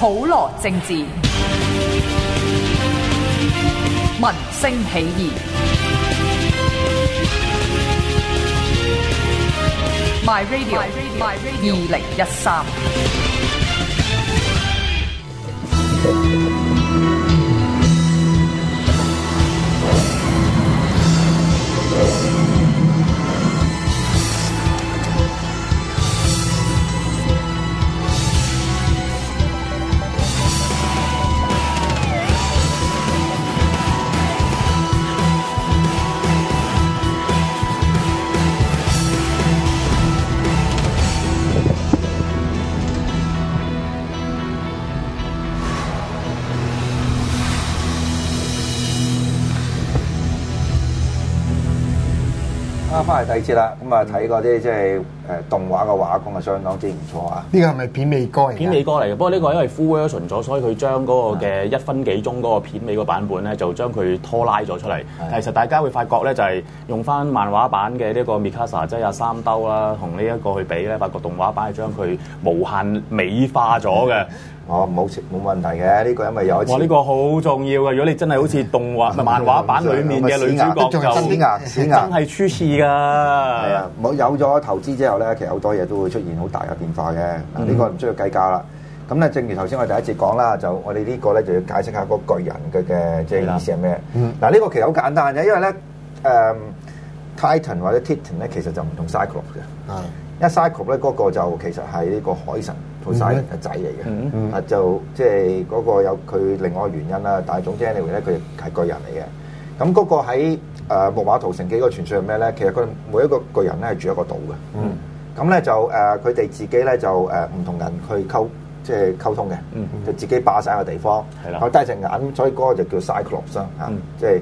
普羅政治，民聲起義。My radio，二零一三。 咁啊，第二節啦，咁啊睇嗰啲即係。就是誒動畫嘅畫工係相當之唔錯啊！呢個係咪片尾歌？片尾歌嚟嘅，不過呢個因為 full version 咗，所以佢將嗰個嘅一分幾鐘嗰個片尾個版本咧，就將佢拖拉咗出嚟。其實大家會發覺咧，就係用翻漫畫版嘅呢個 Mikasa，即係有三兜啦，同呢一個去比咧，發覺動畫版係將佢無限美化咗嘅。哦，冇冇問題嘅，呢個因為有一次我呢個好重要嘅，如果你真係好似動畫漫畫版裡面嘅女主角，真係初次㗎。係啊，冇有咗投資之後。其實好多嘢都會出現好大嘅變化嘅，嗱、這、呢個唔需要計價啦。咁咧，正如頭先我第一次講啦，就我哋呢個咧就要解釋下嗰個巨人嘅嘅，即、就、係、是、意思係咩？嗱，呢、嗯、個其實好簡單嘅，因為咧誒、呃、Titan 或者 Titan 咧其實就唔同 Cyclops 嘅。啊、因一 Cyclops 咧嗰個就其實係呢個海神同 Poseidon 嘅仔嚟嘅、嗯嗯啊。就即係嗰個有佢另外嘅原因啦。但係總之 anyway 咧，佢係巨人嚟嘅。咁嗰個喺誒木馬屠城記個傳說係咩咧？其實佢每一個巨人咧係住一個島嘅。嗯。咁咧就誒，佢哋自己咧就誒唔同人去溝，即係溝通嘅，就自己霸晒個地方，我戴隻眼，所以嗰個就叫 Cyclops，嗯、啊，即係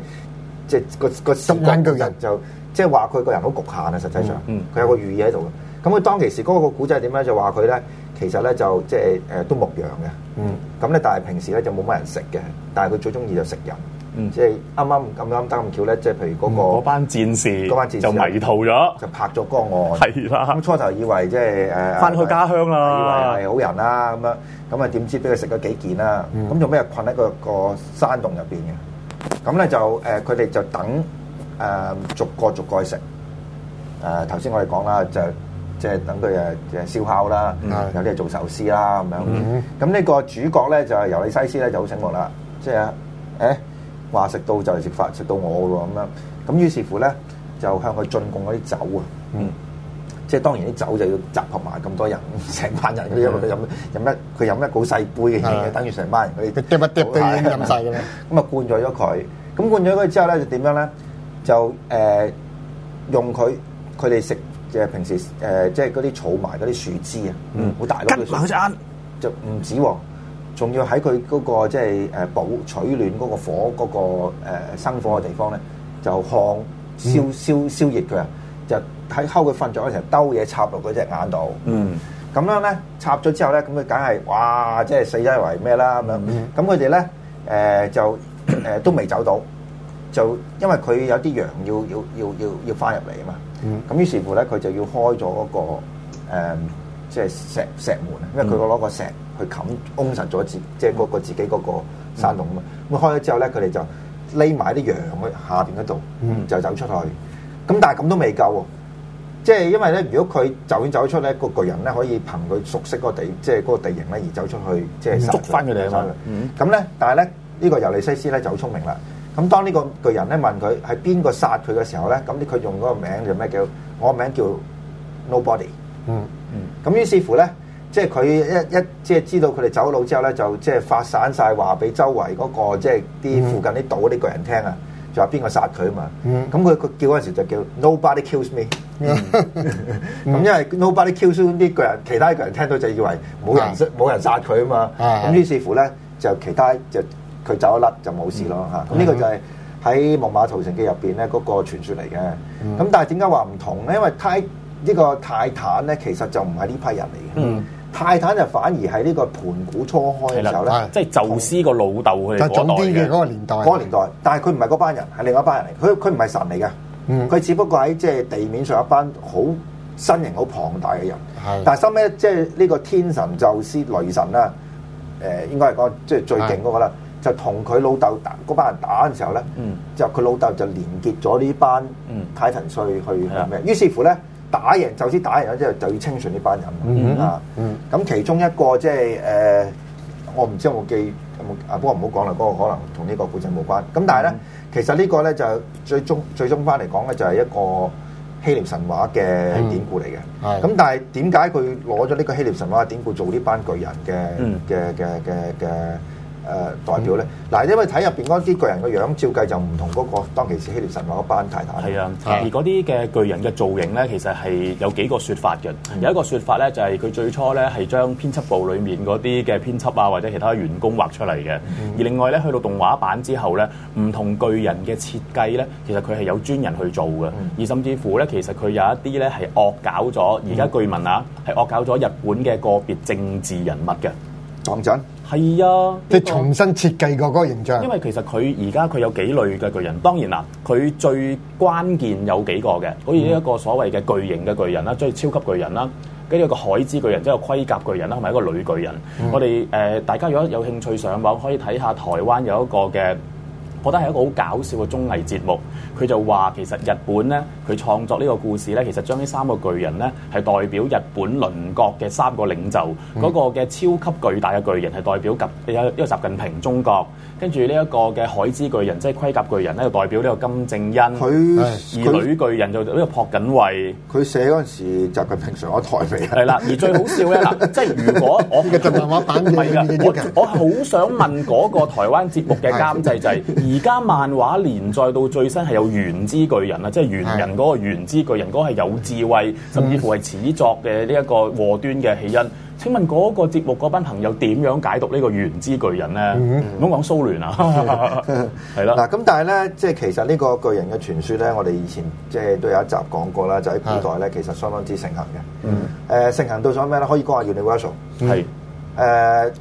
即係個個心眼嘅人，就即係話佢個人好局限啊，嗯、實際上，佢、嗯、有個寓意喺度嘅。咁佢當其時嗰個古仔係點咧，就話佢咧其實咧就即係誒都牧羊嘅，咁咧、嗯、但係平時咧就冇乜人食嘅，但係佢最中意就食人。即係啱啱咁啱得咁巧咧，即係譬如嗰，那個班，嗯、戰士，班戰士就迷途咗，就拍咗江岸。係啦，咁 初頭以為即係誒翻去家鄉啦，以為係好人啦，咁樣咁啊，點知俾佢食咗幾件啦。咁做咩困喺個山洞入邊嘅。咁咧就誒，佢哋就等誒，嗯、逐個逐個食。誒頭先我哋講啦，就即係等佢誒誒燒烤啦，嗯、有啲係做壽司啦咁樣。咁呢，嗯嗯、個主角咧就係尤里西斯咧就好醒目啦，即係誒。誒話食到就嚟食飯，食到我喎咁樣，咁於是乎咧就向佢進貢嗰啲酒啊。嗯，即係當然啲酒就要集合埋咁多人，成班人，因為佢飲飲一佢飲一好細杯嘅，等於成班人佢佢啜一啜都已經飲曬㗎啦。咁啊灌咗咗佢，咁灌咗佢之後咧就點樣咧？就誒、呃、用佢佢哋食即係平時誒、呃、即係嗰啲儲埋嗰啲樹枝啊，好大粒嘅樹枝，嗯、樹嗎就唔止仲要喺佢嗰個即係誒保取暖嗰個火嗰、嗰個、呃、生火嘅地方咧，就看燒燒燒熱佢啊！就喺睺佢瞓咗著嗰時候兜嘢插落嗰隻眼度。嗯，咁樣咧插咗之後咧，咁佢梗係哇！即係死咗因為咩啦？咁樣咁佢哋咧誒就誒、呃、都未走到，就因為佢有啲羊要要要要要翻入嚟啊嘛。咁、嗯、於是乎咧，佢就要開咗嗰、嗰個、呃、即係石石門，因為佢個攞個石。佢冚封實咗自，即係個自己嗰個山洞啊嘛。咁開咗之後咧，佢哋就匿埋啲羊喺下邊嗰度，就走出去。咁但係咁都未夠，即係因為咧，如果佢就算走出咧，個巨人咧可以憑佢熟悉嗰地，即係嗰個地形咧而走出去，即係捉翻佢哋啊嘛。咁咧，但係咧呢個尤利西斯咧就好聰明啦。咁當呢個巨人咧問佢係邊個殺佢嘅時候咧，咁佢用嗰個名叫咩叫？我名叫 Nobody。嗯嗯。咁於是乎咧。即係佢一一即係知道佢哋走佬之後咧，就即係發散晒話俾周圍嗰個即係啲附近啲島啲人聽啊，就話邊個殺佢啊嘛。咁佢佢叫嗰陣時就叫 Nobody kills me，咁因為 Nobody kills 呢啲人，其他啲人聽到就以為冇人殺冇人殺佢啊嘛。咁於是乎咧就其他就佢走一甩就冇事咯嚇。咁呢個就係喺《木馬屠城記》入邊咧嗰個傳説嚟嘅。咁但係點解話唔同咧？因為泰呢個泰坦咧其實就唔係呢批人嚟嘅。泰坦就反而係呢個盤古初開嘅時候咧，的即係宙斯爸爸總個老豆佢哋嗰代嘅。嗰個年代，嗰個年代，的但係佢唔係嗰班人，係另外一班人嚟。佢佢唔係神嚟嘅，佢、嗯、只不過喺即係地面上一班好身形好龐大嘅人。的但係收尾即係呢個天神宙斯、雷神啊，誒應該係講即係最勁嗰個啦，的就同佢老豆打嗰班人打嘅時候咧，嗯、就佢老豆就連結咗呢班泰坦去去咩、嗯？於是乎咧。打贏就知打贏咗之後就要清算呢班人、嗯、啊！咁、嗯、其中一個即係誒，我唔知有冇記，冇啊！不過唔好講啦，嗰、嗰個可能同呢個故仔冇關。咁但係咧，嗯、其實個呢個咧就最終最終翻嚟講咧，就係一個希臘神話嘅典故嚟嘅。咁、嗯、但係點解佢攞咗呢個希臘神話嘅典故做呢班巨人嘅嘅嘅嘅嘅？嗯誒、呃、代表咧，嗱，因為睇入邊嗰啲巨人個樣，照計就唔同嗰、那個當其時希臘神話班太太啦。啊，啊而嗰啲嘅巨人嘅造型咧，其實係有幾個説法嘅。的有一個説法咧，就係、是、佢最初咧係將編輯部裡面嗰啲嘅編輯啊，或者其他員工畫出嚟嘅。的而另外咧，去到動畫版之後咧，唔同巨人嘅設計咧，其實佢係有專人去做嘅。的而甚至乎咧，其實佢有一啲咧係惡搞咗。而家據聞啊，係惡搞咗日本嘅個別政治人物嘅。講準。係啊，即係重新設計過嗰個形象。因為其實佢而家佢有幾類嘅巨人，當然啦，佢最關鍵有幾個嘅，好似呢一個所謂嘅巨型嘅巨人啦，即係超級巨人啦，跟住一個海之巨人，即係盔甲巨人啦，同埋一個女巨人。嗯、我哋誒、呃，大家如果有興趣上網可以睇下台灣有一個嘅。覺得係一個好搞笑嘅綜藝節目，佢就話其實日本咧，佢創作呢個故事咧，其實將呢三個巨人咧係代表日本鄰國嘅三個領袖，嗰、嗯、個嘅超級巨大嘅巨人係代表習，呢個習近平中國，跟住呢一個嘅海之巨人即係盔甲巨人咧，就代表呢個金正恩，佢而他女巨人就呢個朴槿惠，佢寫嗰陣時習近平上咗台未？係啦，而最好笑咧嗱，即係如果我嘅動畫版唔係㗎，我我好想問嗰個台灣節目嘅監製就是。而家漫畫連載到最新係有猿之巨人啊，即係猿人嗰個猿之巨人嗰個係有智慧，甚至乎係始作嘅呢一個禍端嘅起因。請問嗰個節目嗰班朋友點樣解讀呢個猿之巨人咧？唔好講蘇聯啊，係啦。嗱，咁但係咧，即係其實呢個巨人嘅傳説咧，我哋以前即係都有一集講過啦，就喺古代咧，其實相當之盛行嘅。誒、嗯呃、盛行到咗咩咧？可以講下原力雕塑係誒。的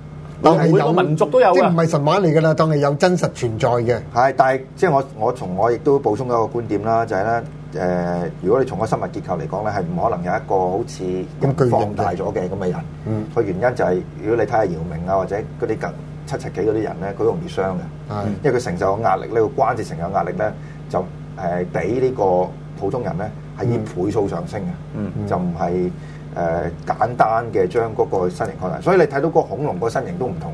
當係有民族都有即唔係神話嚟噶啦，當係有真實存在嘅。係，但係即係我我從我亦都補充一個觀點啦，就係、是、咧，誒、呃，如果你從個生物結構嚟講咧，係唔可能有一個好似咁放大咗嘅咁嘅人,人。嗯，個原因就係、是、如果你睇下姚明啊或者嗰啲咁七尺幾嗰啲人咧，佢容易傷嘅。嗯、因為佢承受嘅壓力,力呢個關節承受嘅壓力咧，就誒、呃、比呢個普通人咧係以倍數上升嘅。嗯嗯嗯、就唔係。誒、呃、簡單嘅將個身形擴大， 所以你睇到個恐龍個身形都唔同。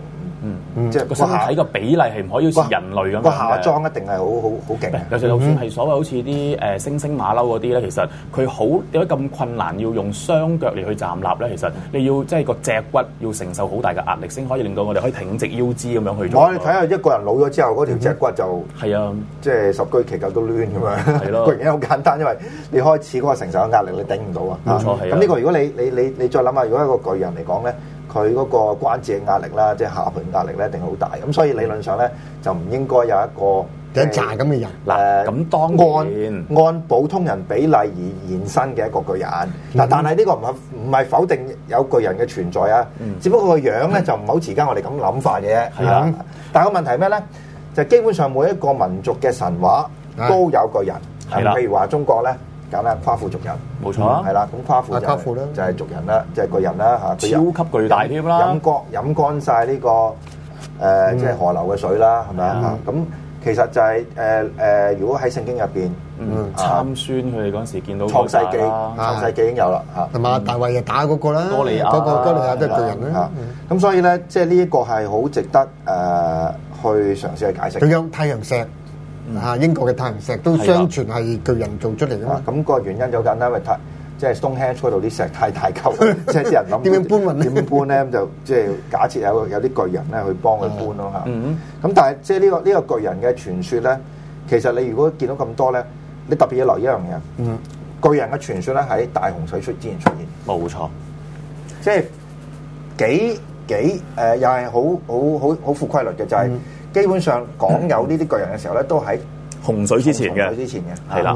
嗯，即係個身體個比例係唔可以好似人類咁。個下裝一定係好好好勁。有時就算係所謂好似啲誒猩猩馬騮嗰啲咧，其實佢好點解咁困難要用雙腳嚟去站立咧？其實你要即係個脊骨要承受好大嘅壓力先可以令到我哋可以挺直腰肢咁樣去做。我哋睇下一個人老咗之後嗰條脊骨就係啊，即係十居其九都攣咁樣。係咯，原因好簡單，因為你開始嗰個承受嘅壓力你頂唔到啊。冇錯係。咁呢個如果你你你你再諗下，如果一個巨人嚟講咧？佢嗰個關節嘅壓力啦，即係下盤壓力咧，一定好大。咁所以理論上咧，就唔應該有一個幾大咁嘅人。嗱、呃，咁當然按按普通人比例而延伸嘅一個巨人。嗱，但係呢個唔係唔係否定有巨人嘅存在啊。嗯、只不過個樣咧、嗯、就唔好似而家我哋咁諗法嘅。係的啊。但係個問題係咩咧？就係、基本上每一個民族嘅神話都有巨人。係啦。譬如話中國咧。咁啦，夸父族人，冇錯啊，係啦，咁夸父就係族人啦，即係巨人啦嚇。超級巨大啲啦，飲乾飲乾晒呢個誒，即係河流嘅水啦，係咪啊？咁其實就係誒誒，如果喺聖經入邊，參孫佢哋嗰時見到創世紀，創世紀已經有啦嚇，同埋大衛又打嗰個啦，哥利亞嗰個哥利亞都係巨人啦。咁所以咧，即係呢一個係好值得誒去嘗試去解釋。點樣？太陽石？嚇！英國嘅太陽石都相傳係巨人做出嚟嘛。咁個原因就好簡單，因為太即係 Stonehenge 度啲石太大嚿，即係啲人諗點樣搬運？點樣搬咧，咁就即係假設有有啲巨人咧去幫佢搬咯嚇。咁但係即係呢個呢個巨人嘅傳說咧，其實你如果見到咁多咧，你特別要留意一樣嘢。巨人嘅傳說咧喺大洪水出之前出現，冇錯。即係幾幾誒，又係好好好好負規律嘅，就係。基本上講有呢啲巨人嘅時候咧，都喺洪水之前嘅，之前嘅係啦。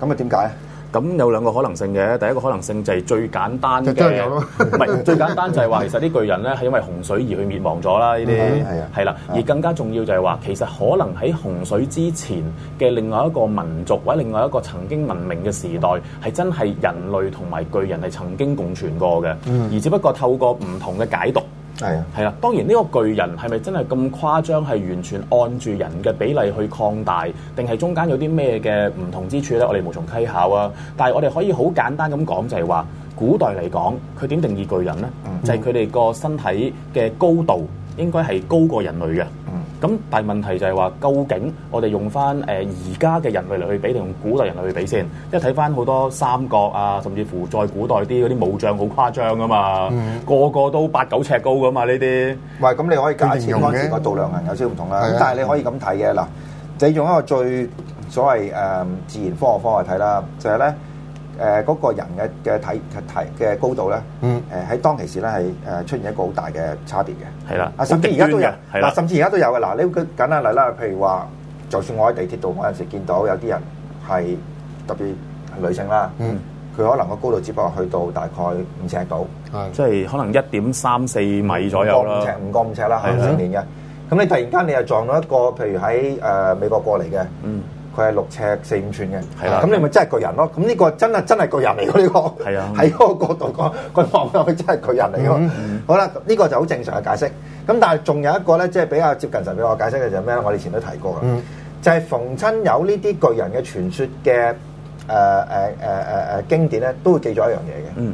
咁啊點解？咁有兩個可能性嘅。第一個可能性就係最簡單嘅，唔係 最簡單就係話其實啲巨人咧係因為洪水而去滅亡咗啦。呢啲係啦。而更加重要就係話，其實可能喺洪水之前嘅另外一個民族或者另外一個曾經文明嘅時代，係真係人類同埋巨人係曾經共存過嘅。嗯。而只不過透過唔同嘅解讀。係啊，係啦，當然呢個巨人係咪真係咁誇張，係完全按住人嘅比例去擴大，定係中間有啲咩嘅唔同之處呢？我哋無從稽考啊。但係我哋可以好簡單咁講，就係話古代嚟講，佢點定義巨人呢？嗯，就係佢哋個身體嘅高度。應該係高過人類嘅，咁但、嗯、問題就係話究竟我哋用翻誒而家嘅人類嚟去比，定用古代人類去比先？即係睇翻好多三國啊，甚至乎再古代啲嗰啲武將好誇張啊嘛，嗯、個個都八九尺高噶嘛呢啲。喂，咁你可以解釋翻，其實個度量衡有少唔同啦。咁的但係你可以咁睇嘅嗱，嗯、你用一個最所謂誒自然科學方式睇啦，就係、是、咧。誒嗰個人嘅嘅體體嘅高度咧，嗯，誒喺當其時咧係誒出現一個好大嘅差別嘅，係啦，啊甚至而家都有，嗱甚至而家都有嘅，嗱你舉簡單例啦，譬如話，就算我喺地鐵度我有時見到有啲人係特別女性啦，嗯，佢可能個高度只不過去到大概五尺度，係，即係可能一點三四米左右啦，五尺五個五尺啦，係成年嘅，咁你突然間你又撞到一個，譬如喺誒美國過嚟嘅，嗯。佢係六尺四五寸嘅，係啦，咁你咪真係巨人咯。咁呢個真係真係巨人嚟嘅呢個，係啊，喺嗰個角度講，佢望上去真係巨人嚟嘅。好啦，呢個就好正常嘅解釋。咁但係仲有一個咧，即係比較接近神俾我解釋嘅就係咩咧？我哋以前都提過嘅，就係逢親有呢啲巨人嘅傳説嘅誒誒誒誒誒經典咧，都會記咗一樣嘢嘅，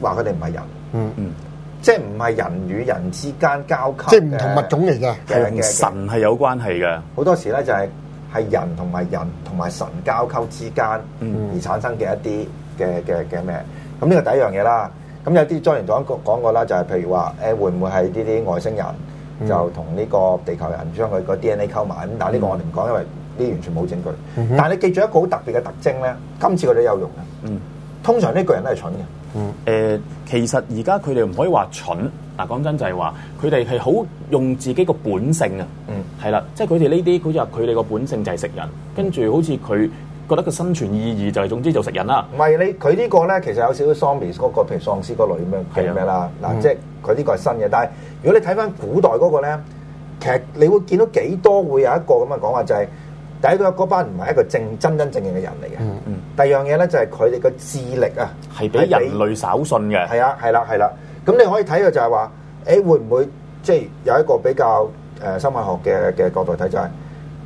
話佢哋唔係人，即係唔係人與人之間交級，即係唔同物種嚟嘅，神係有關係嘅。好多時咧就係。係人同埋人同埋神交溝之間而產生嘅一啲嘅嘅嘅咩？咁呢、mm hmm. 個第一樣嘢啦。咁有啲莊元璋講過啦，就係、是、譬如話誒，會唔會係呢啲外星人就同呢個地球人將佢個 DNA 溝埋？咁但係呢個我哋唔講，mm hmm. 因為呢完全冇證據。但係你記住一個好特別嘅特徵咧，今次佢哋都有用嘅。通常呢啲巨人都係蠢嘅。誒、呃，其實而家佢哋唔可以話蠢。嗱，講真就係話，佢哋係好用自己個本性啊，係啦、嗯，即係佢哋呢啲好似話佢哋個本性就係食人，跟住好似佢覺得佢生存意義就係總之就食人啦。唔係你佢呢個咧，其實有少少喪屍嗰個，譬如喪屍嗰類咁樣係咪啦？嗱，的嗯、即係佢呢個係新嘅。但係如果你睇翻古代嗰、那個咧，其實你會見到幾多會有一個咁嘅講法，就係、是、第一個班唔係一個正真真正正嘅人嚟嘅。嗯嗯。第二樣嘢咧就係佢哋嘅智力啊，係比人類稍遜嘅。係啊，係啦，係啦。咁你可以睇嘅就係、是、話，誒、欸、會唔會即係、就是、有一個比較誒、呃、生物學嘅嘅角度睇就係、是，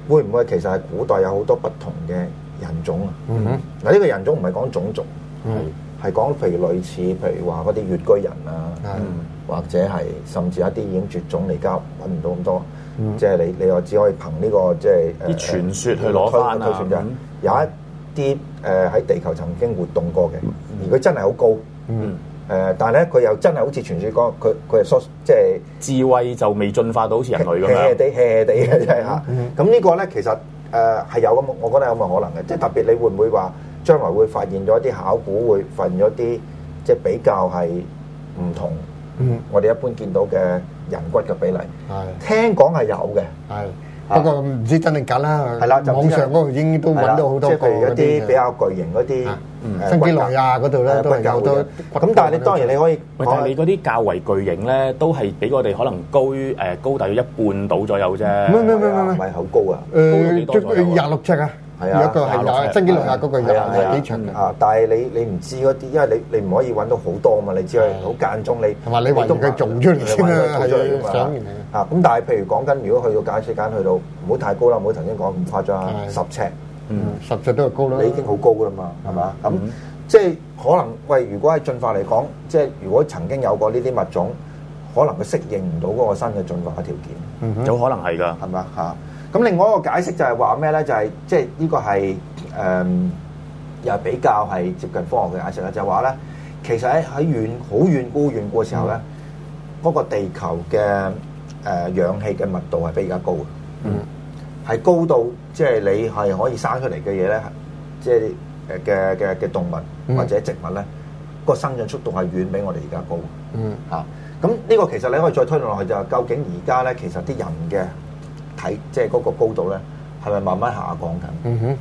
會唔會其實係古代有好多不同嘅人種啊？嗱呢、mm hmm. 嗯這個人種唔係講種族，係係講譬如類似譬如話嗰啲穴居人啊，mm hmm. 或者係甚至一啲已經絕種交，而家揾唔到咁多，mm hmm. 即係你你又只可以憑呢、這個即係啲傳說去攞翻、啊嗯、有一啲誒喺地球曾經活動過嘅，如果、mm hmm. 真係好高。嗯誒、呃，但係咧，佢又真係好似傳説講，佢佢係縮，即係智慧就未進化到好似人類咁樣。h 嘅真係嚇。咁、 嗯、呢個咧其實誒係、呃、有咁，我覺得有咁嘅可能嘅。即係特別，你會唔會話將來會發現咗一啲考古會發現咗啲即係比較係唔同。嗯哼，我哋一般見到嘅人骨嘅比例係、嗯、哼聽講係有嘅。係、嗯哼。嗯不過唔知真定假啦。係啦，網上嗰度已經都揾到好多個。即係一啲比較巨型嗰啲，新幾內亞嗰度咧都係較多。咁但係你當然你可以。喂，但係你嗰啲較為巨型咧，都係比我哋可能高於誒高大約一半度左右啫。唔係唔係唔係唔係，唔係好高啊。誒，足廿六尺啊！係啊，一個係廿新幾內亞嗰個廿係幾長啊？但係你你唔知嗰啲，因為你你唔可以揾到好多啊嘛，你只係好間中你同埋你運佢做出嚟先啦。想完啦。啊！咁但係，譬如講，緊如果去到解釋間，去到唔好太高啦，唔好頭先講咁誇張，十尺，嗯，十尺都係高啦。你已經好高啦嘛，係嘛？咁即係可能喂，如果喺進化嚟講，即係如果曾經有過呢啲物種，可能佢適應唔到嗰個新嘅進化條件，嗯，有可能係噶，係嘛嚇？咁另外一個解釋就係話咩咧？就係即係呢個係誒又係比較係接近科學嘅解釋啦，就係話咧其實喺喺遠好遠古遠古嘅時候咧，嗰個地球嘅。誒、呃、氧氣嘅密度係比而家高嘅，嗯，係高到即係你係可以生出嚟嘅嘢咧，即係嘅嘅嘅動物或者植物咧，個、嗯、生長速度係遠比我哋而家高，嗯，嚇、啊，咁呢個其實你可以再推論落去就係、是、究竟而家咧其實啲人嘅體即係嗰個高度咧係咪慢慢下降緊？嗯哼。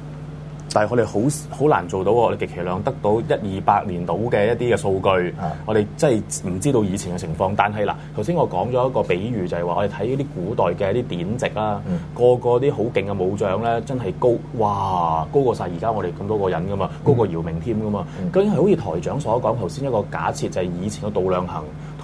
但係我哋好好難做到，我哋極其量得到 1, 一二百年度嘅一啲嘅數據，的我哋真係唔知道以前嘅情況。但係嗱，頭先我講咗一個比喻，就係、是、話我哋睇啲古代嘅啲典籍啦，嗯、個個啲好勁嘅武將咧，真係高哇，高過晒而家我哋咁多個人噶嘛，高過姚明添噶嘛，究竟係好似台長所講，頭先一個假設，就係以前嘅度量衡。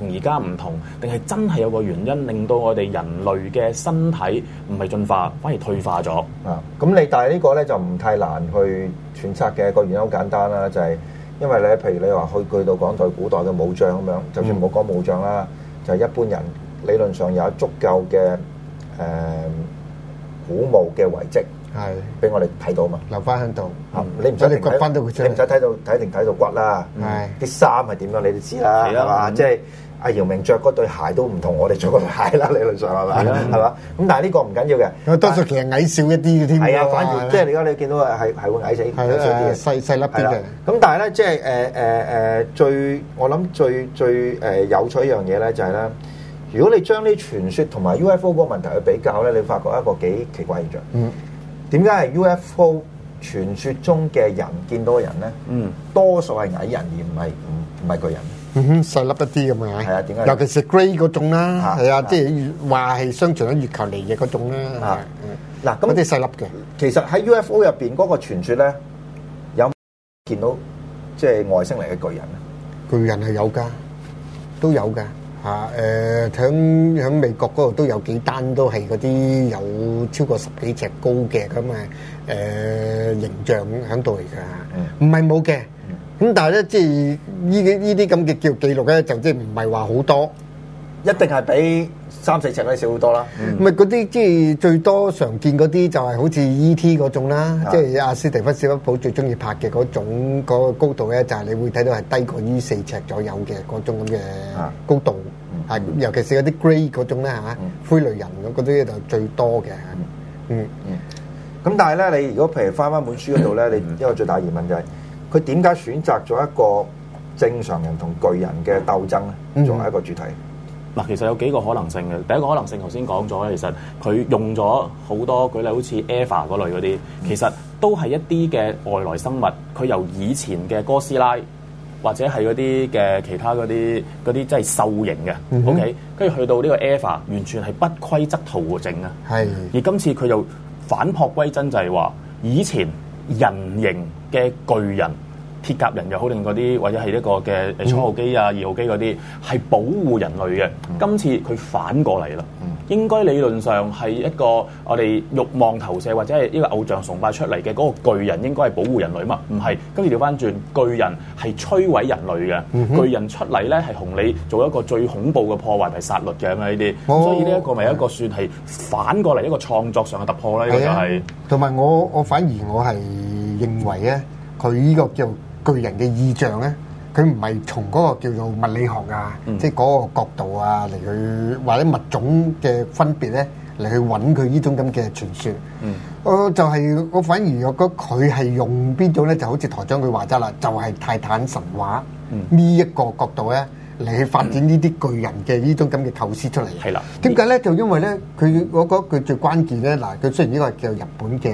而家唔同，定係真係有個原因令到我哋人類嘅身體唔係進化，反而退化咗。啊，咁你但係呢個咧就唔太難去揣測嘅。個原因好簡單啦，就係因為咧，譬如你話去到古代、古代嘅武將咁樣，就算唔好講武將啦，就係一般人，理論上有足夠嘅誒古墓嘅遺跡，係俾我哋睇到嘛，留翻喺度嚇。你唔使你掘翻到佢出嚟，你唔使睇到睇定睇到骨啦。係啲衫係點樣，你都知啦，係嘛？即係。阿姚明着嗰對鞋都唔同我哋着嗰對鞋啦，理論上係咪？係啦，係咪？咁但係呢個唔緊要嘅，多數其實矮小一啲嘅添。係啊，反而即係你而家你見到係係會矮仔、矮小啲嘅細細粒啲嘅。咁但係咧，即係誒誒誒，最我諗最最誒有趣一樣嘢咧，就係咧，如果你將呢傳説同埋 UFO 嗰個問題去比較咧，你發覺一個幾奇怪現象。嗯。點解係 UFO 傳説中嘅人見到嘅人咧？嗯。多數係矮人而唔係唔唔係巨人。嗯哼，細粒一啲咁啊，係啊，尤其是 Grey 嗰種啦，係啊，即係話係相傳喺月球嚟嘅嗰種啦。嗯，嗱咁啲細粒嘅，其實喺 UFO 入邊嗰個傳説咧，有見到即係外星嚟嘅巨人啊？巨人係有噶，都有噶嚇。誒，喺喺美國嗰度都有幾單都係嗰啲有超過十幾尺高嘅咁啊，誒形象響度嚟噶，唔係冇嘅。咁但係咧，即係呢嘅啲咁嘅叫記錄咧，就即係唔係話好多，一定係比三四尺嗰啲少好多啦。唔係嗰啲即係最多常見嗰啲，的就係好似 E.T. 嗰種啦，即係阿斯蒂芬史匹堡最中意拍嘅嗰種嗰、那個高度咧，就係你會睇到係低過於四尺左右嘅嗰種咁嘅高度，係、嗯、尤其是嗰啲 grey 嗰種咧嚇，嗯、灰類人嗰嗰啲咧就最多嘅。嗯的嗯。咁、嗯、但係咧，你如果譬如翻翻本書嗰度咧，嗯嗯、你一個最大疑問就係、是。佢點解選擇咗一個正常人同巨人嘅鬥爭咧？作為一個主題，嗱，其實有幾個可能性嘅。第一個可能性頭先講咗，其實佢用咗好多，舉例好似 Eva 嗰類嗰啲，其實都係一啲嘅外來生物。佢由以前嘅哥斯拉或者係嗰啲嘅其他嗰啲嗰啲即係獸型嘅、嗯、哼，OK，跟住去到呢個 Eva 完全係不規則圖形啊！係的，而今次佢又返璞歸真，就係、是、話以前人形。嘅巨人、鐵甲人又好，定嗰啲或者係一個嘅初號機啊、嗯、二號機嗰啲，係保護人類嘅。嗯、今次佢反過嚟啦，嗯、應該理論上係一個我哋慾望投射或者係呢個偶像崇拜出嚟嘅嗰個巨人，應該係保護人類嘛？唔係，今次調翻轉巨人係摧毀人類嘅。嗯、哼巨人出嚟咧係同你做一個最恐怖嘅破壞同埋殺戮嘅咁啊！呢啲，哦、所以呢一個咪一個算係反過嚟一個創作上嘅突破咧，嗯、呢個就係同埋我我反而我係。認為咧，佢呢個叫巨人嘅意象咧，佢唔係從嗰個叫做物理學啊，嗯、即係嗰個角度啊嚟去或者物種嘅分別咧嚟去揾佢呢種咁嘅傳說。嗯、我就係、是、我反而我覺得佢係用邊種咧，就好似台長佢話齋啦，就係、是、泰坦神話呢一、嗯、個角度咧嚟去發展呢啲巨人嘅呢種咁嘅構思出嚟。係啦、嗯，點解咧？就因為咧，佢我覺得佢最關鍵咧，嗱，佢雖然呢個係叫日本嘅誒，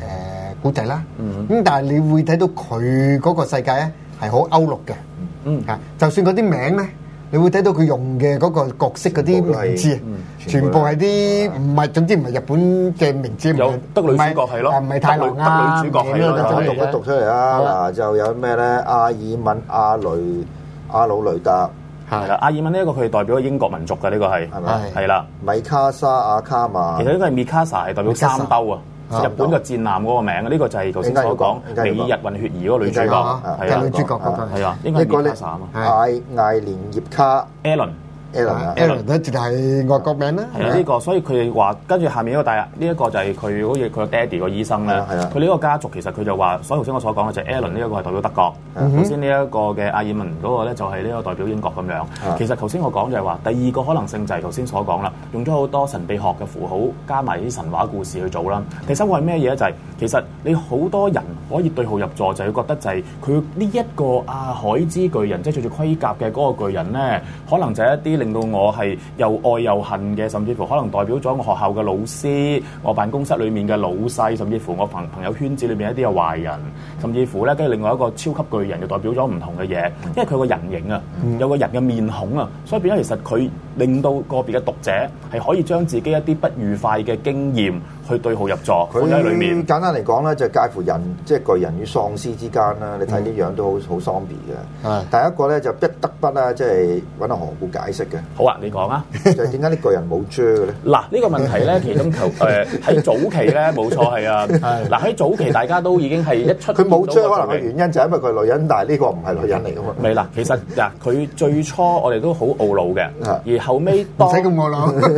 呃古仔啦，咁但係你會睇到佢嗰個世界咧係好歐陸嘅，啊，就算嗰啲名咧，你會睇到佢用嘅嗰個角色嗰啲名字，全部係啲唔係，總之唔係日本嘅名字，唔係，唔係太郎啊，讀一讀出嚟啦！嗱，就有咩咧？阿爾敏、阿雷、阿魯雷達，阿爾敏呢一個佢係代表英國民族嘅呢個係，係啦，米卡莎、阿卡馬，其實呢個係米卡莎係代表三兜啊。日本個戰男嗰個名啊，呢、這個就係頭先所講美日混血兒嗰個女主角，係啊對，應該叫得曬啊嘛，艾艾蓮葉卡 Allen。Alan，Alan 咧直係外國名啦，係啊呢個，所以佢話跟住下面一個大，呢、這、一個就係佢好似佢爹哋個醫生咧，佢呢一個家族其實佢就話，所以頭先我所講嘅就係 Alan 呢一個係代表德國，頭先呢一個嘅阿爾文嗰個咧就係呢個代表英國咁樣。Yeah. 其實頭先我講就係話第二個可能性就係頭先所講啦，用咗好多神秘學嘅符號加埋啲神話故事去做啦。第三個係咩嘢咧？就係、是、其實你好多人可以對號入座，就係、是、覺得就係佢呢一個啊鎧之巨人，即係著住盔甲嘅嗰個巨人咧，可能就係一啲。令到我係又愛又恨嘅，甚至乎可能代表咗我學校嘅老師，我辦公室裏面嘅老細，甚至乎我朋朋友圈子裏面一啲嘅壞人，甚至乎呢跟住另外一個超級巨人，又代表咗唔同嘅嘢，因為佢個人形啊，有個人嘅面孔啊，所以變咗其實佢令到個別嘅讀者係可以將自己一啲不愉快嘅經驗。去對號入座。佢喺裏面簡單嚟講咧，就介乎人即係巨人與喪屍之間啦。你睇啲樣都好好喪屍嘅。第一個咧就不得不啦，即係揾阿何故解釋嘅。好啊，你講啊。就係點解呢巨人冇遮嘅咧？嗱，呢個問題咧，其實咁求誒喺早期咧冇錯係啊。嗱喺早期大家都已經係一出佢冇遮可能嘅原因就係因為佢女人，但係呢個唔係女人嚟嘅嘛。係啦，其實嗱，佢最初我哋都好懊嬌嘅，而後尾唔使咁傲嬌。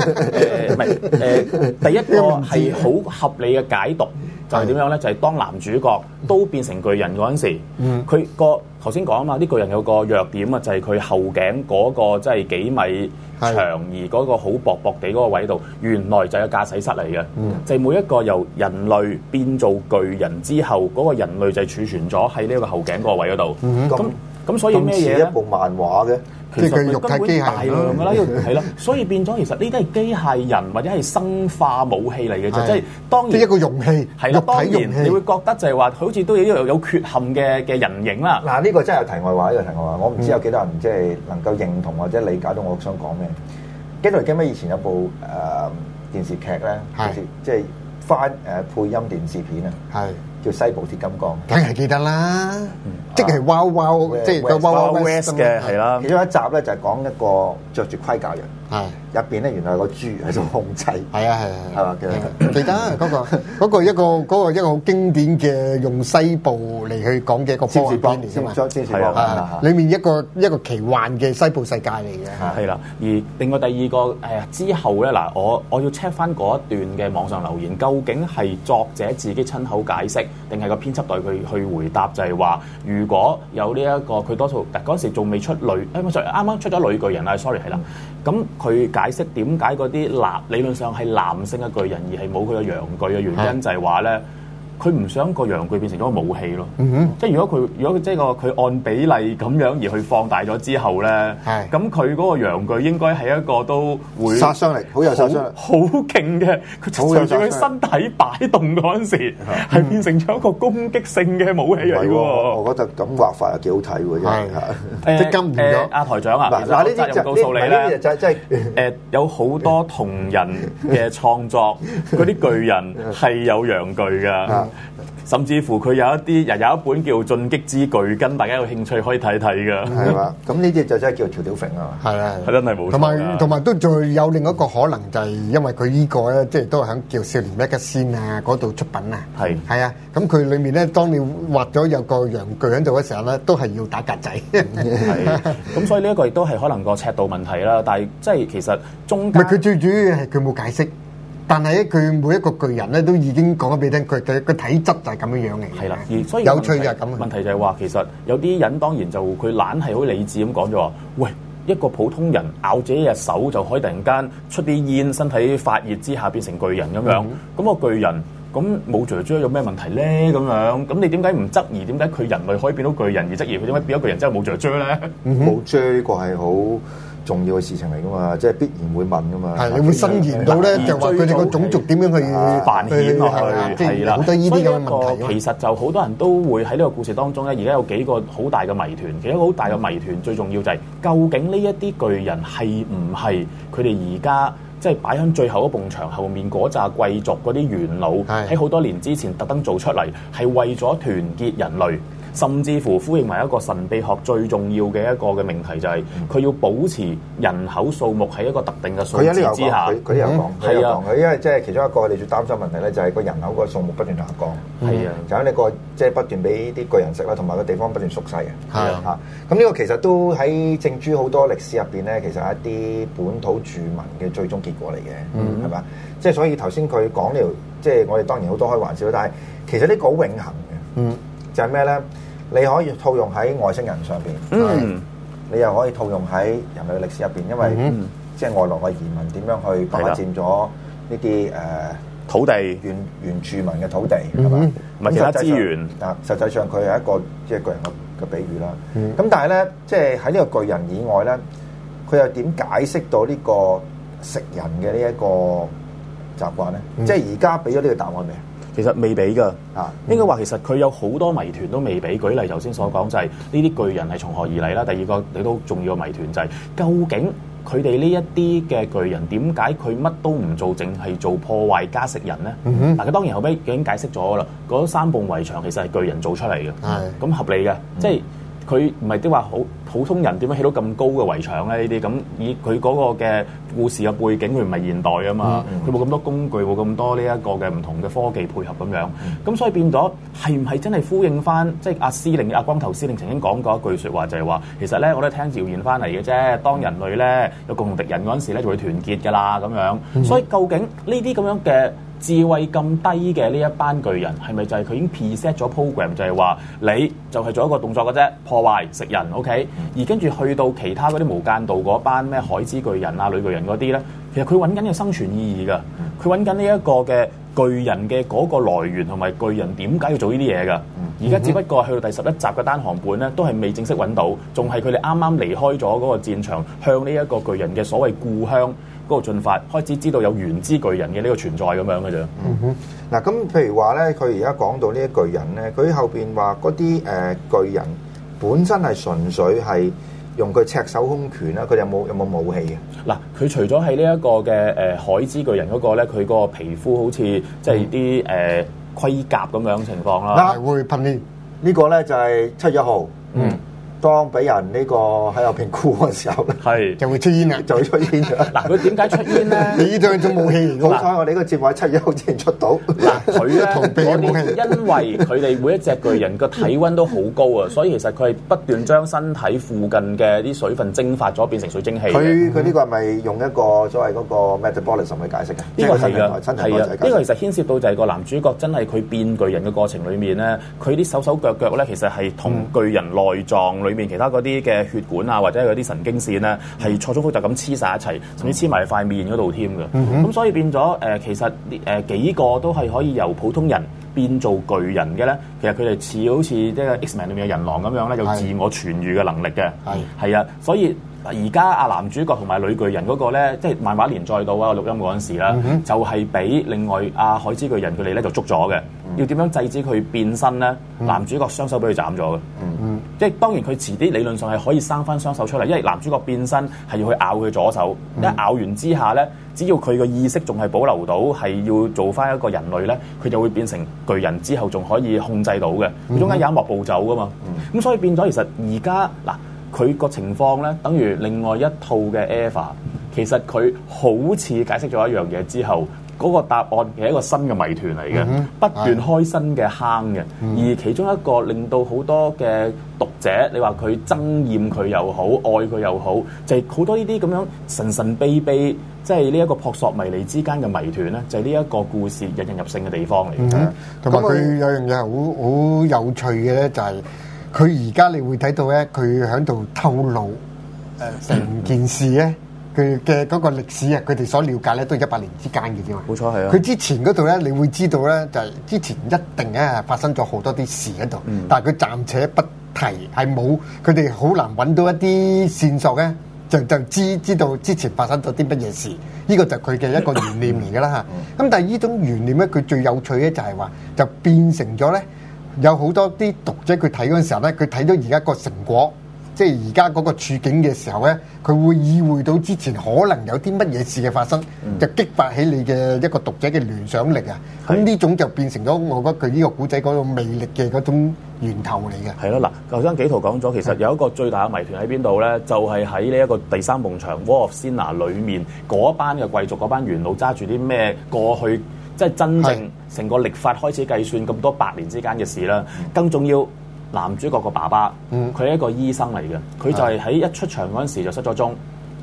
誒，第一個係。好合理嘅解讀就係、是、點樣呢？就係、是、當男主角都變成巨人嗰陣時，佢個頭先講啊嘛，呢巨人有個弱點啊，就係、是、佢後頸嗰、那個即係、就是、幾米長而嗰個好薄薄地嗰個位度，原來就係個駕駛室嚟嘅，就是、每一個由人類變做巨人之後，嗰、那個人類就係儲存咗喺呢個後頸嗰個位嗰度。咁咁、嗯、所以咩嘢？一部漫畫嘅。即係佢肉體機械啦，係啦，所以變咗，其實呢啲係機械人或者係生化武器嚟嘅，就即係當然。即係一個容器，係當然你會覺得就係話，好似都有啲有缺陷嘅嘅人形啦。嗱，呢個真係有題外話，呢個題外話，我唔知有幾多人即係能夠認同或者理解到我想講咩。跟住，我記得以前有部誒電視劇咧，即係翻誒配音電視片啊。係。叫西部鐵金剛，梗係記得啦，嗯、即係 wow wow，啊《即 wow, West, wow, wow」，即係《哇哇》West 嘅，係啦。其中一集咧就係講一個着住盔甲人。係入邊咧，原來有個豬喺度控制。係啊係啊，記得嗰個嗰、 那個那個一個嗰個一個好經典嘅用西部嚟，去講嘅個科幻片嚟啫嘛。係啦，裏面一個一個奇幻嘅西部世界嚟嘅。係啦、啊啊啊，而另外第二個誒之後咧嗱，我我要 check 翻嗰一段嘅網上留言，究竟係作者自己親口解釋，定係個編輯代佢去回答就？就係話如果有呢、這、一個佢多數嗰時仲未出女誒、哎、啱、啊、啱出咗女巨人啊！Sorry，係啦咁。Sorry, rotation, 佢解釋點解嗰啲男理論上係男性嘅巨人，而係冇佢個陽具嘅原因，的就係話咧。佢唔想個陽具變成咗個武器咯，即係如果佢如果即係個佢按比例咁樣而去放大咗之後咧，咁佢嗰個陽具應該係一個都會殺傷力好有殺傷力好勁嘅，佢隨住佢身體擺動嗰陣時，係變成咗一個攻擊性嘅武器嚟嘅。我覺得咁畫法又幾好睇喎，真係。誒阿台長啊，嗱嗱呢啲就啲就即係誒有好多同人嘅創作，嗰啲巨人係有陽具嘅。甚至乎佢有一啲，又有一本叫《進擊之巨根》跟大家有興趣可以睇睇噶。係啦、嗯，咁呢啲就條條的真係叫條條揈啊！係啊，係真係冇錯。同埋同埋都再有另一個可能就係，因為佢呢個咧，即係都係響叫《少年 Magazine》啊嗰度出品啊。係係啊，咁佢裏面咧，當你畫咗有個陽具喺度嘅時候咧，都係要打格仔。咁、嗯、 所以呢一個亦都係可能個尺度問題啦。但係即係其實中間，唔係佢最主要係佢冇解釋。但係咧，佢每一個巨人咧，都已經講咗俾你聽，佢佢佢體質就係咁樣樣嘅。係啦，而所以問題有趣就係話，其實有啲人當然就佢懶係好理智咁講咗話，喂一個普通人咬自己隻手就可以突然間出啲煙，身體發熱之下變成巨人咁樣。咁、嗯、個巨人咁冇雀雀有咩問題咧？咁樣咁你點解唔質疑？點解佢人類可以變到巨人而質疑佢點解變咗巨人之後冇雀雀咧？冇雀呢個係好重要嘅事情嚟噶嘛，即係必然會問噶嘛。係，你會伸延到咧，就話佢哋個種族點樣去繁衍落去係啦。好多呢啲咁嘅問題，其實就好多人都會喺呢個故事當中咧。而家有幾個好大嘅謎團，其中一個好大嘅謎團，嗯、最重要就係究竟呢一啲巨人係唔係佢哋而家即係擺喺最後一埲牆後面嗰紮貴族嗰啲元老，喺好的多年之前特登做出嚟，係為咗團結人類。甚至乎呼認為一個神秘學最重要嘅一個嘅命題，就係佢要保持人口數目喺一個特定嘅數字之下。佢有講，佢有講，佢有講。佢因為即係其中一個你最擔心問題咧，就係個人口個數目不斷下降。係啊，就喺你、那個即係、就是、不斷俾啲巨人食啦，同埋個地方不斷縮細嘅。係啊，嚇咁呢個其實都喺正珠好多歷史入邊咧，其實係一啲本土住民嘅最終結果嚟嘅，係嘛、嗯？即係、就是、所以頭先佢講呢條，即、就、係、是、我哋當然好多開玩笑，但係其實呢個好永恆嘅，嗯，就係咩咧？ 你可以套用喺外星人上邊，你又可以套用喺人類嘅歷史入邊，因為即係外來嘅移民點樣去霸佔咗呢啲誒土地，原原住民嘅土地，係嘛？物產資源啊，實際上佢係一個即係巨人嘅嘅比喻啦。咁但係咧，即係喺呢個巨人以外咧，佢又點解釋到呢個食人嘅呢一個習慣咧？即係而家俾咗呢個答案未？其實未俾噶，應該話其實佢有好多謎團都未俾。舉例頭先所講就係呢啲巨人係從何而嚟啦。第二個你都重要嘅謎團就係、是、究竟佢哋呢一啲嘅巨人點解佢乜都唔做，淨係做破壞加食人呢？嗱、mm，佢、hmm. 當然後尾已經解釋咗啦。嗰三埲圍牆其實係巨人做出嚟嘅，咁、mm hmm. 合理嘅，mm hmm. 即係。佢唔係即係話好普通人點樣起到咁高嘅圍牆咧？呢啲咁以佢嗰個嘅故事嘅背景，佢唔係現代啊嘛，佢冇咁多工具，冇咁多呢一個嘅唔同嘅科技配合咁樣。咁、嗯、所以變咗係唔係真係呼應翻即係阿司令阿、啊、光頭司令曾經講過一句説話，就係、是、話其實咧我都係聽謠言翻嚟嘅啫。當人類咧有共同敵人嗰陣時咧，就會團結噶啦咁樣。所以究竟呢啲咁樣嘅？智慧咁低嘅呢一班巨人，係咪就係佢已經 preset 咗 program？就係話你就係做一個動作嘅啫，破壞食人，OK？、嗯、而跟住去到其他嗰啲無間道嗰班咩海之巨人啊、女巨人嗰啲呢，其實佢揾緊嘅生存意義噶，佢揾緊呢一個嘅巨人嘅嗰個來源同埋巨人點解要做呢啲嘢噶？而家、嗯嗯、只不過去到第十一集嘅單行本呢，都係未正式揾到，仲係佢哋啱啱離開咗嗰個戰場，向呢一個巨人嘅所謂故鄉。嗰個進發開始知道有原之巨人嘅呢，這個存在咁樣嘅啫。嗱、嗯，咁譬如話咧，佢而家講到呢一巨人咧，佢後邊話嗰啲誒巨人本身係純粹係用佢赤手空拳啦，佢有冇有冇武器啊？嗱、啊，佢除咗喺呢一個嘅誒，呃、海之巨人嗰個咧，佢嗰個皮膚好似即係啲誒盔甲咁樣情況啦，嗱、啊，會噴煙。個呢個咧就係，是，七月號。嗯。嗯當俾人呢個喺入邊酷嘅時候，係就會出煙啊！就出煙咗。嗱，佢點解出煙咧？你呢張仲冇氣，好彩我哋呢個節目喺七月一號之前出到。嗱，佢咧，我哋因為佢哋每一隻巨人個體溫都好高啊，所以其實佢係不斷將身體附近嘅啲水分蒸發咗，變成水蒸氣。佢佢呢個係咪用一個所謂嗰個 metabolism 去解釋嘅？呢個係㗎，係呢個其實牽涉到就係個男主角真係佢變巨人嘅過程裡面咧，佢啲手手腳腳咧其實係痛巨人內臟裏面其他嗰啲嘅血管啊，或者有啲神經線咧，係錯綜複雜咁黐晒一齊，甚至黐埋塊面嗰度添嘅。咁、嗯嗯、所以變咗誒、呃、其實誒、呃、幾個都係可以由普通人變做巨人嘅咧。其實佢哋似好似即係 Xman 裏面嘅人狼咁樣咧，有自我痊癒嘅能力嘅。係啊的的，所以而家阿男主角同埋女巨人嗰個咧，即係漫畫連載到啊錄音嗰陣時啦，嗯嗯嗯就係俾另外阿、啊、海之巨人佢哋咧就捉咗嘅。嗯、要點樣制止佢變身咧？男主角雙手俾佢斬咗嘅。嗯嗯即係當然，佢遲啲理論上係可以生翻雙手出嚟，因為男主角變身係要去咬佢左手，一、嗯、咬完之下咧，只要佢嘅意識仲係保留到，係要做翻一個人類咧，佢就會變成巨人之後仲可以控制到嘅。佢中間有一幕步驟噶嘛，咁、嗯嗯、所以變咗，其實而家嗱佢個情況呢，等於另外一套嘅 Eva，其實佢好似解釋咗一樣嘢之後。嗰個答案係一個新嘅謎團嚟嘅，mm hmm. 不斷開新嘅坑嘅，mm hmm. 而其中一個令到好多嘅讀者，你話佢憎厭佢又好，愛佢又好，就係、是、好多呢啲咁樣神神秘秘，即係呢一個撲朔迷離之間嘅謎團咧，就係呢一個故事引人入勝嘅地方嚟嘅。同埋佢有樣嘢好好有趣嘅咧，就係佢而家你會睇到咧，佢喺度透露誒成件事咧。佢嘅嗰個歷史啊，佢哋所了解咧都係一百年之間嘅啫嘛。冇錯，係啊。佢之前嗰度咧，你會知道咧，就係之前一定咧發生咗好多啲事喺度。嗯、但係佢暫且不提，係冇佢哋好難揾到一啲線索咧，就就知知道之前發生咗啲乜嘢事。呢、這個就係佢嘅一個懸念嚟噶啦嚇。咁 但係呢種懸念咧，佢最有趣咧就係話，就變成咗咧有好多啲讀者佢睇嗰陣時候咧，佢睇到而家個成果。即係而家嗰個處境嘅時候咧，佢會意會到之前可能有啲乜嘢事嘅發生，就、嗯、激發起你嘅一個讀者嘅聯想力啊！咁呢、嗯、種就變成咗我覺得佢呢個古仔嗰種魅力嘅嗰種源頭嚟嘅。係咯，嗱頭先幾圖講咗，其實有一個最大嘅謎團喺邊度咧，就係喺呢一個第三幕牆《Wall Sina》裏面嗰班嘅貴族嗰班元老揸住啲咩過去，即係真正成個歷法開始計算咁多百年之間嘅事啦。更重要。男主角個爸爸，佢係一個醫生嚟嘅，佢就係喺一出場嗰陣時就失咗蹤。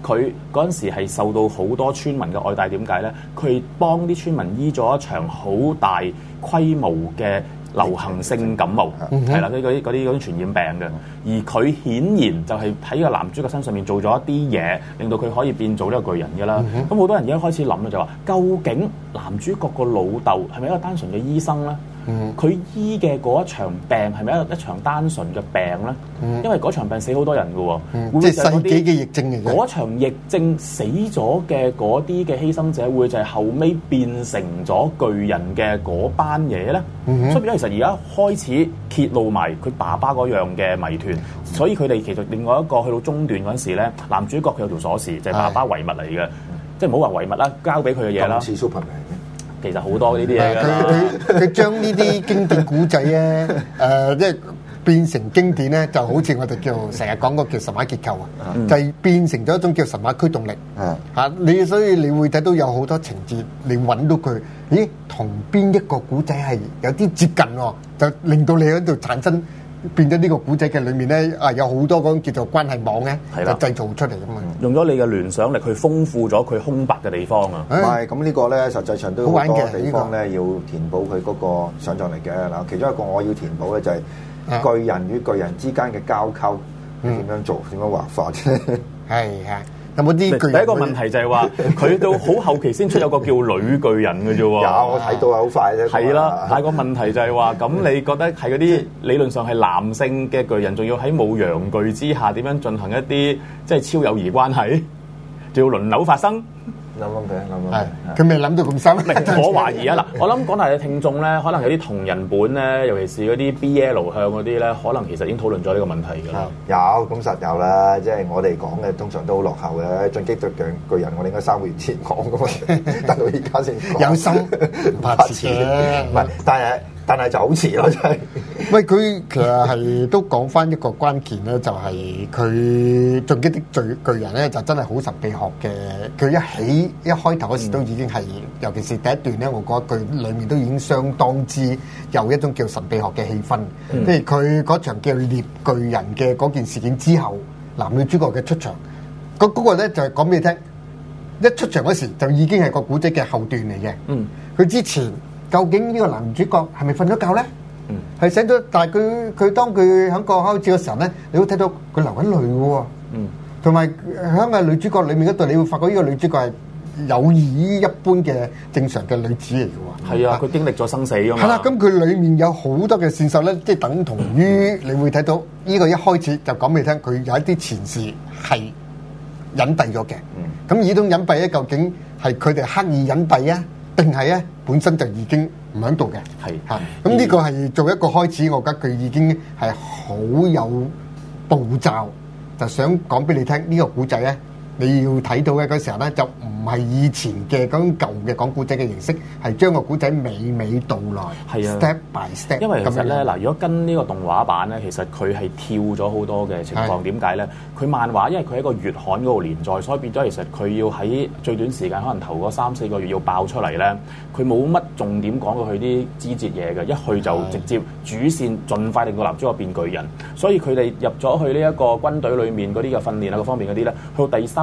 佢嗰陣時係受到好多村民嘅愛戴，點解呢？佢幫啲村民醫咗一場好大規模嘅流行性感冒，係啦，嗰啲啲啲傳染病嘅。而佢顯然就係喺個男主角身上面做咗一啲嘢，令到佢可以變做呢個巨人嘅啦。咁好多人而家開始諗，就話：究竟男主角個老豆係咪一個單純嘅醫生呢？嗯，佢醫嘅嗰一場病係咪一一場單純嘅病咧？嗯，因為嗰場病死好多人嘅喎。嗯，即係世紀嘅疫症嚟嗰場疫症，死咗嘅嗰啲嘅犧牲者會就係後尾變成咗巨人嘅嗰班嘢咧。嗯哼，所以其實而家開始揭露埋佢爸爸嗰樣嘅謎團，嗯、哼所以佢哋其實另外一個去到中段嗰陣時咧，男主角佢有條鎖匙，就係、是、爸爸遺物嚟嘅，即係唔好話遺物啦，交俾佢嘅嘢啦。麼其實好多呢啲嘢佢佢佢將呢啲經典古仔咧，誒即係變成經典咧，就好似我哋叫成日講個叫神話結構啊，就係、變成咗一種叫神話驅動力啊嚇你所以你會睇到有好多情節，你揾到佢，咦？同邊一個古仔係有啲接近喎，就令到你喺度產生。變咗呢個古仔嘅裏面咧，啊有好多嗰種叫做關係網嘅，的就製造出嚟咁嘛，用咗你嘅聯想力去豐富咗佢空白嘅地方啊！唔係咁，這個、呢個咧，實際上都好多嘅地方咧，這個、要填補佢嗰個想像力嘅嗱，其中一個我要填補咧就係巨人與巨人之間嘅交溝點樣做點樣畫法咧。係啊！嗯 有有一第一個問題就係話，佢到好後期先出有個叫女巨人嘅啫喎。有， 我睇到啊，好快啫。係啦，但係個問題就係話，咁你覺得係嗰啲理論上係男性嘅巨人，仲要喺冇陽具之下點樣進行一啲即係超友誼關係，仲 要輪流發生？諗諗佢，諗諗佢。係佢未諗到咁深，我懷疑啊！嗱，我諗廣大嘅聽眾咧，可能有啲同人本咧，尤其是嗰啲 BL 向嗰啲咧，可能其實已經討論咗呢個問題噶啦。有咁實有啦，即係我哋講嘅通常都好落後嘅，進擊的巨巨人我哋應該三個月前講噶，但到而家先有心 怕遲，唔係， 但係但係就好遲咯，真係。唔佢， 其實係都講翻一個關鍵咧，就係佢進擊的巨人咧，就真係好神秘學嘅。佢一起一開頭嗰時都已經係，嗯、尤其是第一段咧，我覺得佢裡面都已經相當之有一種叫神秘學嘅氣氛。即、嗯、如佢嗰場叫獵巨人嘅嗰件事件之後，男女主角嘅出場，嗰、嗰個咧就係講俾你聽，一出場嗰時就已經係個古仔嘅後段嚟嘅。嗯，佢之前究竟呢個男主角係咪瞓咗覺咧？嗯，係醒咗，但係佢佢當佢喺個開始嘅時候咧，你會睇到佢流緊淚喎。嗯，同埋喺個女主角裏面嗰度，你會發覺呢個女主角係有異一般嘅正常嘅女子嚟嘅喎。係、嗯嗯、啊，佢經歷咗生死啊。係、嗯、啦，咁佢裏面有好多嘅線索咧，即係等同於你會睇到呢、嗯、個一開始就講俾你聽，佢有一啲前事係隱蔽咗嘅。咁耳種隱蔽咧，嗯嗯、究竟係佢哋刻意隱蔽啊？定係咧，本身就已經唔喺度嘅，係嚇。咁呢個係做一個開始，我覺得佢已經係好有步驟，就想講俾你聽呢個古仔咧。你要睇到嘅嗰時候咧，就唔係以前嘅咁種舊嘅講古仔嘅形式，係將個古仔娓娓道來的，step by step。因為其實咧，嗱樣，如果跟呢個動畫版咧，其實佢係跳咗好多嘅情況。點解咧？佢漫畫因為佢係一個月刊嗰度連載，所以變咗其實佢要喺最短時間，可能頭嗰三四個月要爆出嚟咧，佢冇乜重點講到佢啲枝節嘢嘅，一去就直接主線的盡快令到立咗個變巨人。所以佢哋入咗去呢一個軍隊裏面嗰啲嘅訓練啊，各、嗯嗯、方面嗰啲咧，去到第三。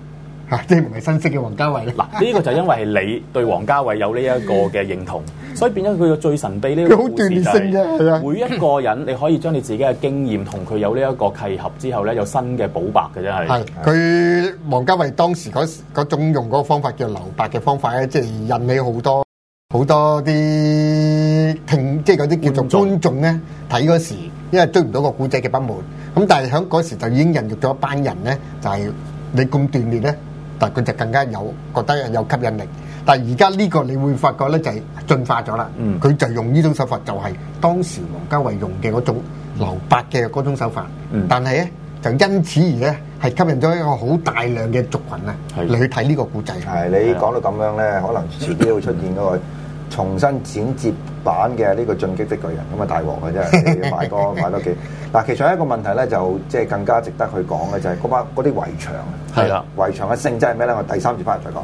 即係唔係新識嘅王家衛咧？嗱，呢個就因為你對王家衛有呢一個嘅認同， 所以變咗佢個最神秘呢個好鍛鍊性嘅故事就係每一個人，你可以將你自己嘅經驗同佢有呢一個契合之後咧，有新嘅補白嘅真係。係佢王家衛當時嗰嗰種用嗰個方法叫留白嘅方法咧，即係引起好多好多啲聽，即係嗰啲叫做觀眾咧睇嗰時，因為追唔到個古仔嘅不滿。咁但係喺嗰時就已經孕育咗一班人咧，就係、是、你咁鍛鍊咧。但佢就更加有覺得有吸引力，但而家呢個你會發覺咧就係進化咗啦，佢、嗯、就用呢種手法，就係、是、當時黃家衞用嘅嗰種留白嘅嗰種手法，嗯、但係咧就因此而咧係吸引咗一個好大量嘅族群啊，嚟的去睇呢個古仔。係你講到咁樣咧，的可能遲啲會出現嗰個。 重新剪接版嘅呢個進擊的巨人，咁啊大鑊嘅真係，要買多 買多幾。嗱，其實一個問題咧，就即係更加值得去講嘅就係、係、嗰把嗰啲圍牆。係啦，圍牆嘅性質係咩咧？我第三節翻嚟再講。